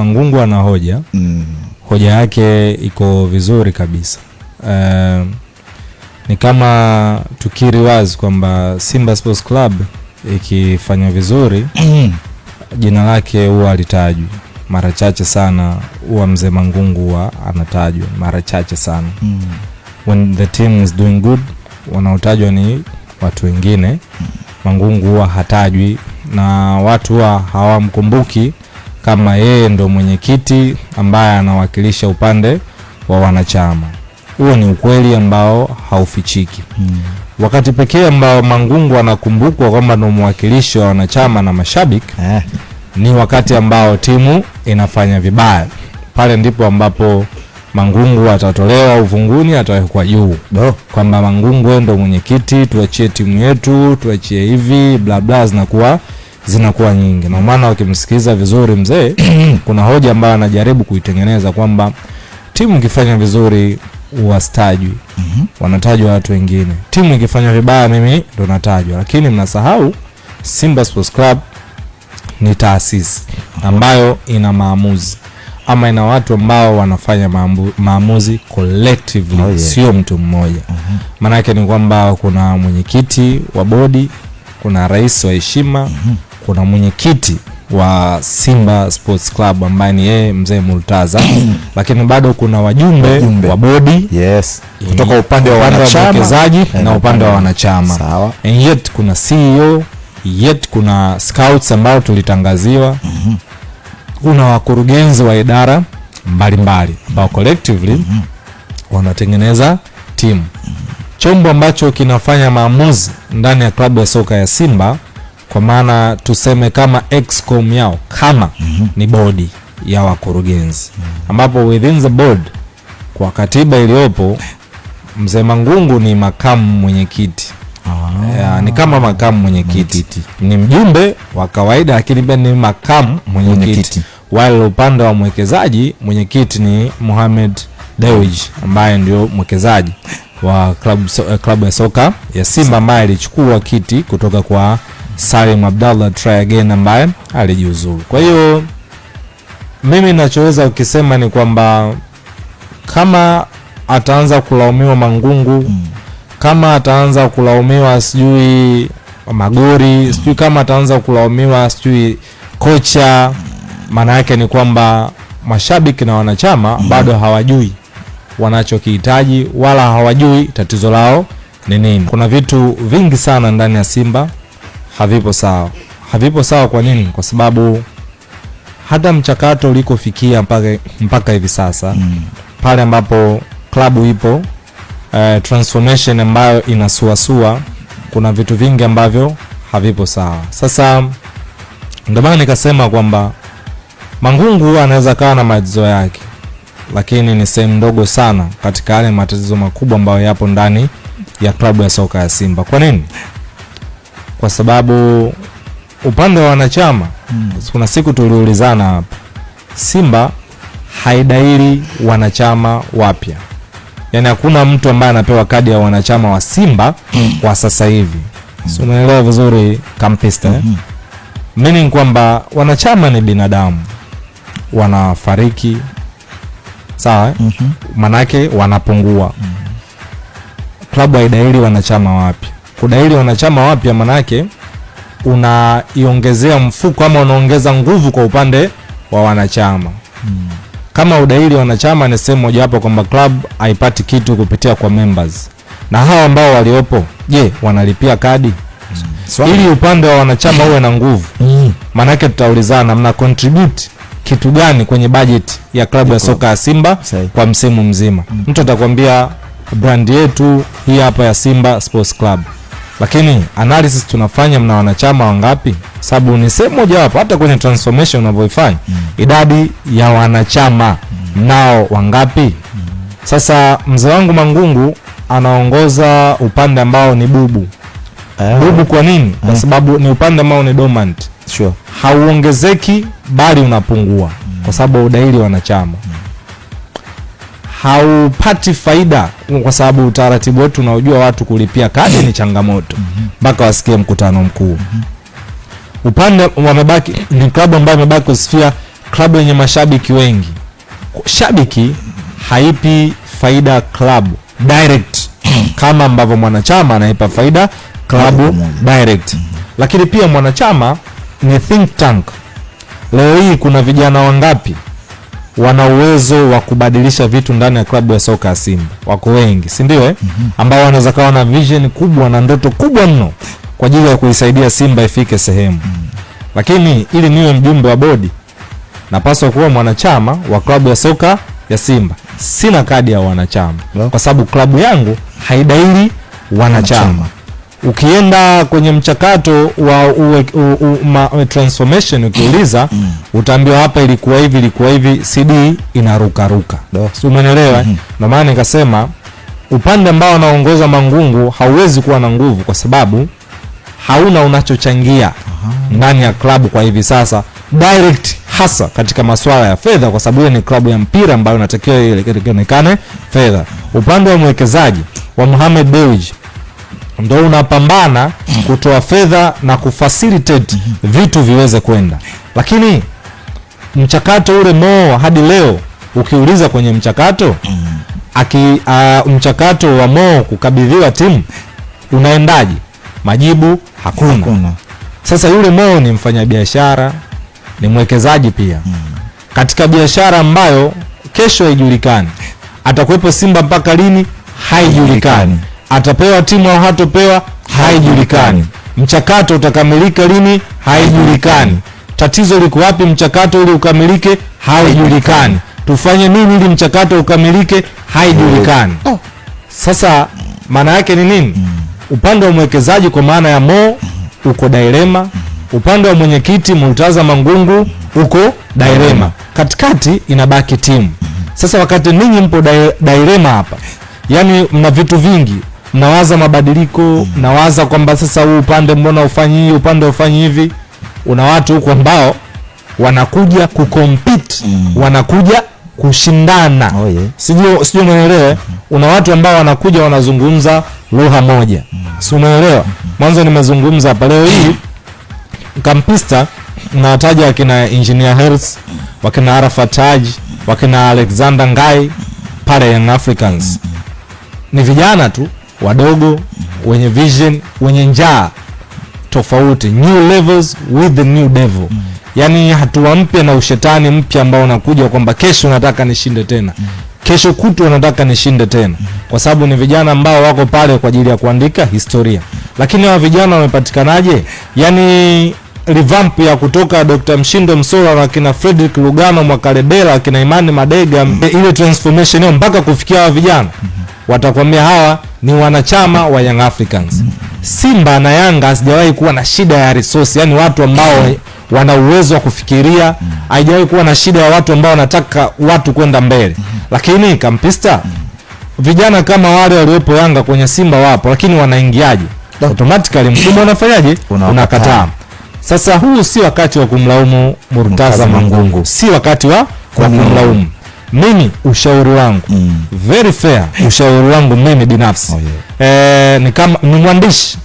Mangungu ana hoja mm. hoja yake iko vizuri kabisa uh, ni kama tukiri wazi kwamba Simba Sports Club ikifanya vizuri jina lake huwa alitajwi mara chache sana, huwa mzee Mangungu huwa anatajwa mara chache sana mm. when the team is doing good, wanaotajwa ni watu wengine mm. Mangungu huwa hatajwi na watu huwa hawamkumbuki kama yeye ndo mwenyekiti ambaye anawakilisha upande wa wanachama. Huo ni ukweli ambao haufichiki hmm. Wakati pekee ambao Mangungu anakumbukwa kwamba ndo mwakilishi wa wanachama na mashabiki eh, ni wakati ambao timu inafanya vibaya. Pale ndipo ambapo Mangungu atatolewa uvunguni, atawekwa juu no. kwamba Mangungu ndo mwenyekiti, tuachie timu yetu, tuachie hivi bla bla, zinakuwa zinakuwa nyingi. Na maana wakimsikiliza vizuri mzee, kuna hoja ambayo anajaribu kuitengeneza kwamba timu ikifanya vizuri wastajwi mm -hmm. wanatajwa watu wengine. Timu ikifanya vibaya mimi ndo natajwa, lakini mnasahau Simba Sports Club ni taasisi ambayo ina maamuzi ama ina watu ambao wanafanya maambu, maamuzi collectively oh, yeah. Sio mtu mmoja uh mhm. -huh. Maanake ni kwamba kuna mwenyekiti wa bodi, kuna rais wa heshima uh mhm. -huh kuna mwenyekiti wa Simba Sports Club ambaye ni yeye mzee Murtaza, lakini bado kuna wajumbe, wajumbe wa bodi yes, kutoka upande wa wawekezaji na upande wa eh, eh, wanachama sawa, and yet kuna CEO, yet kuna scouts ambao tulitangaziwa, mhm. kuna wakurugenzi wa idara mbalimbali ambao collectively mhm. wanatengeneza timu, mhm. chombo ambacho kinafanya maamuzi ndani ya klabu ya soka ya Simba kwa maana tuseme kama excom yao kama mm -hmm. ni bodi ya wakurugenzi mm -hmm. ambapo within the board kwa katiba iliyopo mzee Mangungu ni makamu mwenyekiti ah, eh, ni kama makamu mwenyekiti mwenye ni mjumbe wa kawaida, lakini pia ni makamu mwenyekiti. Wale upande wa mwekezaji, mwenyekiti ni Mohamed dewij ambaye ndio mwekezaji wa klabu so, eh, ya soka ya Simba ambaye alichukua kiti kutoka kwa Salim Abdallah try again ambaye alijiuzuru. Kwa hiyo mimi nachoweza ukisema ni kwamba kama ataanza kulaumiwa Mangungu mm. kama ataanza kulaumiwa sijui Magori mm. sijui kama ataanza kulaumiwa sijui kocha, hmm. maana yake ni kwamba mashabiki na wanachama mm. bado hawajui wanachokihitaji wala hawajui tatizo lao ni nini. Kuna vitu vingi sana ndani ya Simba havipo sawa. Havipo sawa kwa nini? Kwa sababu hata mchakato ulikofikia mpaka, mpaka hivi sasa mm. pale ambapo klabu ipo eh, transformation ambayo inasuasua, kuna vitu vingi ambavyo havipo sawa. Sasa ndio maana nikasema kwamba Mangungu anaweza kawa na matatizo yake, lakini ni sehemu ndogo sana katika yale matatizo makubwa ambayo yapo ndani ya klabu ya soka ya Simba. Kwa nini? kwa sababu upande wa wanachama mm. kuna siku tuliulizana hapa, Simba haidairi wanachama wapya, yaani hakuna mtu ambaye anapewa kadi ya wanachama wa Simba kwa hmm. sasa hivi mm. si vizuri kampista mm eh? -hmm. Meaning kwamba wanachama ni binadamu, wanafariki sawa, mm -hmm. manake wanapungua mm -hmm. klabu haidairi wanachama wapya kudaili wanachama wapya, manake unaiongezea mfuko ama unaongeza nguvu kwa upande wa wanachama hmm. Kama udaili wanachama ni sehemu mojawapo kwamba club haipati kitu kupitia kwa members, na hawa ambao waliopo, je, wanalipia kadi hmm. ili upande wa wanachama uwe na nguvu mm. Manake tutaulizana mna contribute kitu gani kwenye budget ya klabu ya soka ya Simba Say. kwa msimu mzima hmm. Mtu atakwambia brand yetu hii hapa ya Simba Sports Club lakini analysis tunafanya, mna wanachama wangapi? Sababu ni sehemu wapo hata kwenye transformation unavyoifanya mm. idadi ya wanachama mm. nao wangapi mm. Sasa mzee wangu Mangungu anaongoza upande ambao ni bubu eh. Bubu kwa nini? Kwa eh. sababu ni upande ambao ni dormant sure. hauongezeki bali unapungua mm. kwa sababu udahili wanachama mm haupati faida kwa sababu utaratibu wetu unaojua watu kulipia kadi ni changamoto mpaka mm -hmm. wasikie mkutano mkuu mm -hmm. upande wamebaki ni klabu ambayo imebaki kusifia, klabu yenye mashabiki wengi. Shabiki haipi faida klabu direct kama ambavyo mwanachama anaipa faida klabu direct, lakini pia mwanachama ni think tank. Leo hii kuna vijana wangapi wana uwezo wa kubadilisha vitu ndani ya klabu ya soka ya Simba, wako wengi, si ndio eh? mm -hmm. ambao wanaweza kawa na vision kubwa na ndoto kubwa mno kwa ajili ya kuisaidia Simba ifike sehemu mm -hmm. Lakini ili niwe mjumbe wa bodi, napaswa kuwa mwanachama wa klabu ya soka ya Simba. Sina kadi ya wanachama no. kwa sababu klabu yangu haidaili wanachama, wanachama ukienda kwenye mchakato wa uwe, u, u, ma, transformation ukiuliza mm. utaambiwa hapa ilikuwa hivi ilikuwa hivi, CD inarukaruka, si umeelewa? Eh? mm -hmm. maana nikasema upande ambao anaongoza Mangungu hauwezi kuwa na nguvu kwa sababu hauna unachochangia ndani ya klabu kwa hivi sasa direct hasa katika masuala ya fedha, kwa sababu hiyo ni klabu ya mpira ambayo inatakiwa ionekane fedha. Upande wa mwekezaji wa Mohamed Dewji ndo unapambana mm. kutoa fedha na kufacilitate vitu viweze kwenda, lakini mchakato ule moo hadi leo ukiuliza kwenye mchakato mm. aki, a, mchakato wa moo kukabidhiwa timu unaendaje, majibu hakuna, hakuna. Sasa yule moo ni mfanyabiashara, ni mwekezaji pia mm. katika biashara ambayo kesho haijulikani, atakuwepo Simba mpaka lini haijulikani atapewa timu au hatopewa haijulikani. Mchakato utakamilika lini haijulikani. Tatizo liko wapi mchakato ule ukamilike haijulikani. Tufanye nini ili mchakato ukamilike haijulikani. Oh. Sasa maana yake ni nini? Upande wa mwekezaji kwa maana ya Mo uko dilema, upande wa mwenyekiti Murtaza Mangungu uko dilema, katikati inabaki timu. Sasa wakati ninyi mpo dilema hapa, yani mna vitu vingi nawaza mabadiliko mm. Nawaza kwamba sasa huu upande mbona ufanyi hii upande ufanyi hivi. Una watu huko ambao wanakuja kukompiti mm. wanakuja kushindana oh, yeah. Sijui sijui unaelewa eh? mm -hmm. Una watu ambao wanakuja wanazungumza lugha moja mm. hmm si unaelewa mm -hmm. Mwanzo nimezungumza hapa leo hii kampista nawataja wakina Engineer Hersi mm-hmm. wakina Arafa Taji wakina Alexander Ngai pale Young Africans mm-hmm. ni vijana tu wadogo, wenye vision, wenye njaa tofauti, new levels with the new devil mm. Yani hatua mpya na ushetani mpya ambao unakuja kwamba kesho nataka nishinde tena mm. kesho kutu nataka nishinde tena mm. kwa sababu ni vijana ambao wako pale kwa ajili ya kuandika historia. Lakini hawa vijana wamepatikanaje? Yani revamp ya kutoka Dr. Mshindo Msola na kina Frederick Lugano mwakalebela kina Imani Madega mm. ile transformation hiyo mpaka kufikia hawa vijana mm watakwambia hawa ni wanachama wa Young Africans. Simba na Yanga hazijawahi kuwa na shida ya resource, yani watu ambao wana uwezo wa kufikiria, haijawahi kuwa na shida ya watu ambao wanataka watu kwenda mbele, lakini kampista vijana kama wale waliopo Yanga kwenye Simba wapo, lakini wanaingiaje? Automatically mkubwa unafanyaje? Unakataa. Sasa huu si wakati wa kumlaumu Murtaza Mangungu, si wakati wa kumlaumu mimi ushauri wangu mm. very fair, ushauri wangu mimi binafsi oh, yeah. E, ni kama ni mwandishi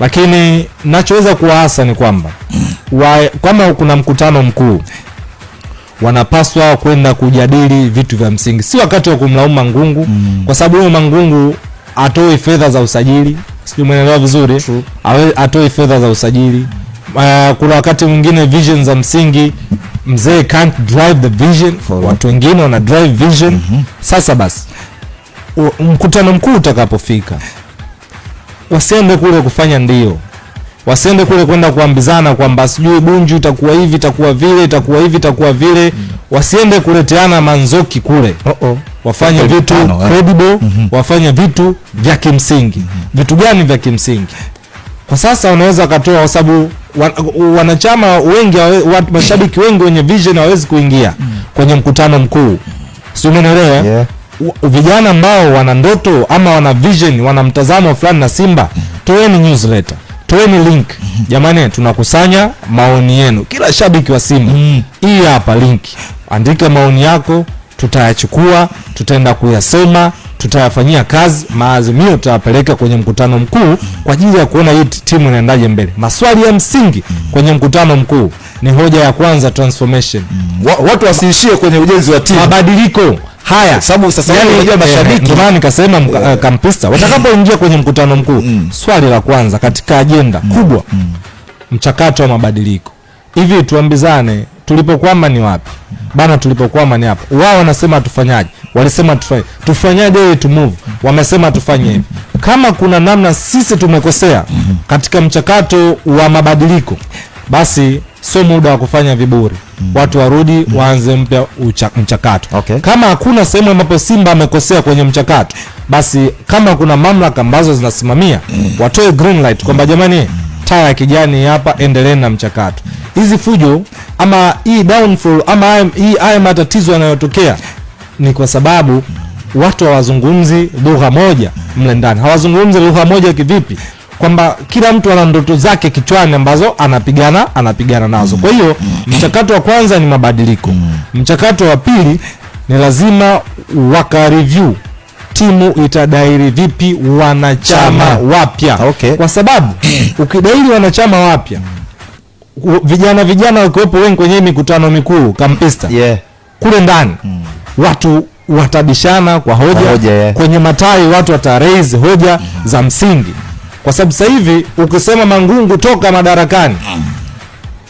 lakini nachoweza kuwaasa ni kwamba wa, kama kuna mkutano mkuu wanapaswa kwenda kujadili vitu vya msingi, si wakati wa kumlaumu Mangungu mm. kwa sababu huyo Mangungu atoi fedha za usajili, sijui mwenelewa vizuri, atoi fedha za usajili. Uh, kuna wakati mwingine vision za msingi mzee can't drive the vision For Watu wengine wana drive vision mm -hmm. Sasa basi mkutano mkuu utakapofika, wasiende kule kufanya ndio, wasiende kule kwenda kuambizana kwamba sijui Bunju itakuwa hivi itakuwa vile itakuwa hivi itakuwa vile mm. Wasiende kuleteana manzoki kule uh -oh. Wafanye vitu eh. credible mm -hmm. Wafanye vitu vya kimsingi mm -hmm. Vitu gani vya kimsingi? Kwa sasa wanaweza wakatoa kwa sababu wanachama wengi, mashabiki wengi wenye vision hawawezi kuingia kwenye mkutano mkuu, si umeelewa? Yeah. Vijana ambao wana ndoto ama wana vision, wana mtazamo fulani na Simba, toeni newsletter toeni link jamani, tunakusanya maoni yenu, kila shabiki wa Simba mm. Hii hapa link, andika maoni yako, tutayachukua, tutaenda kuyasoma tutayafanyia kazi, maazimio tutayapeleka kwenye mkutano mkuu kwa ajili ya kuona hii timu inaendaje mbele. Maswali ya msingi kwenye mkutano mkuu ni hoja ya kwanza, transformation. Watu wasiishie kwenye ujenzi wa timu, mabadiliko haya sababu sasa yani, unajua eh, mashabiki ndio maana nikasema yeah. Kampista watakapoingia kwenye mkutano mkuu mm. Swali la kwanza katika ajenda mm. kubwa mm. mchakato wa mabadiliko. Hivi tuambizane, tulipokwama ni wapi? Bana, tulipokwama ni hapa. Wao wanasema tufanyaje? walisema tufanye tufanyaje to move, wamesema tufanye hivi. Kama kuna namna sisi tumekosea katika mchakato wa mabadiliko, basi sio muda wa kufanya viburi mm. Watu warudi mm. waanze mpya mchakato okay. Kama hakuna sehemu ambapo Simba amekosea kwenye mchakato, basi kama kuna mamlaka ambazo zinasimamia mm. watoe green light kwamba jamani, taa ya kijani hapa, endeleeni na mchakato. Hizi fujo ama hii downfall ama hii haya matatizo yanayotokea ni kwa sababu watu hawazungumzi lugha moja mle ndani. Hawazungumzi lugha moja kivipi? Kwamba kila mtu ana ndoto zake kichwani ambazo anapigana anapigana nazo. Kwa hiyo mchakato wa kwanza ni mabadiliko. Mchakato wa pili ni lazima waka review timu itadairi vipi wanachama wapya, okay. Kwa sababu ukidairi wanachama wapya vijana vijana wakiwepo wengi kwenye mikutano mikuu kampista, yeah. kule ndani mm watu watabishana kwa hoja, hoja yeah. Kwenye matai watu wata raise hoja mm -hmm. za msingi, kwa sababu sasa hivi ukisema Mangungu toka madarakani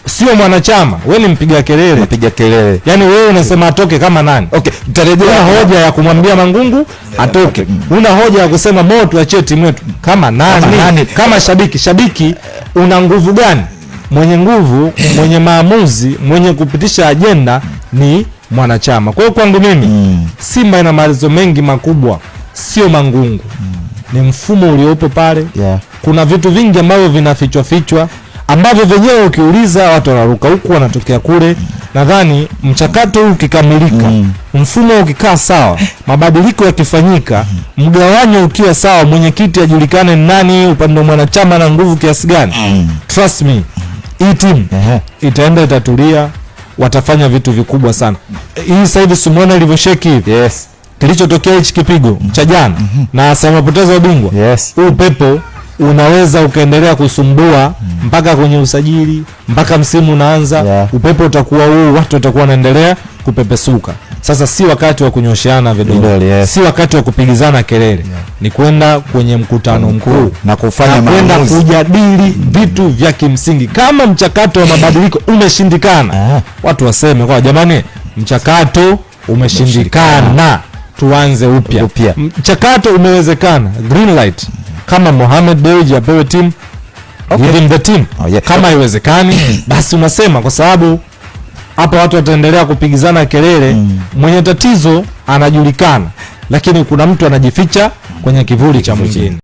sio mwanachama, we ni mpiga kelele, mpiga kelele, yani wewe unasema atoke kama nani? Okay, tutarejea hoja ya kumwambia Mangungu atoke. Una hoja ya kusema Mo tuachie timu yetu kama nani? Kama nani? Kama shabiki, shabiki una nguvu gani? Mwenye nguvu, eh. mwenye maamuzi, mwenye kupitisha ajenda ni mwanachama. Kwa hiyo kwangu mimi mm. Simba ina malizo mengi makubwa, sio mangungu mm. Ni mfumo uliopo pale yeah. Kuna vitu vingi ambavyo vinafichwa fichwa ambavyo wenyewe ukiuliza watu wanaruka huku wanatokea kule mm. Nadhani mchakato huu ukikamilika mm. mfumo ukikaa sawa, mabadiliko yakifanyika mm. mgawanyo ukiwa sawa, mwenyekiti ajulikane nani upande wa mwanachama na nguvu kiasi gani mm. trust me mm. hii timu itaenda itatulia watafanya vitu vikubwa sana. Hii sasa hivi simuona ilivyosheki hivi. Yes. Kilichotokea hichi kipigo cha jana mm -hmm. na sasa mapoteza ubingwa. Yes. Huu pepo unaweza ukaendelea kusumbua mhm. mpaka kwenye usajili mpaka msimu unaanza. Yeah. Upepo utakuwa huu, watu watakuwa wanaendelea kupepesuka. Sasa si wakati wa kunyosheana vidole yes. Si wakati wa kupigizana kelele yeah. Ni kwenda kwenye mkutano mkuu na kufanya na kwenda kujadili mm. vitu vya kimsingi. Kama mchakato wa mabadiliko ah. umeshindikana, ah. watu waseme kwa jamani, mchakato umeshindikana, tuanze upya. Mchakato umewezekana, green light. Kama Mohamed Dewji apewe timu okay. the team oh, yeah. Kama haiwezekani basi unasema kwa sababu hapa watu wataendelea kupigizana kelele mm. Mwenye tatizo anajulikana, lakini kuna mtu anajificha kwenye kivuli cha mwingine.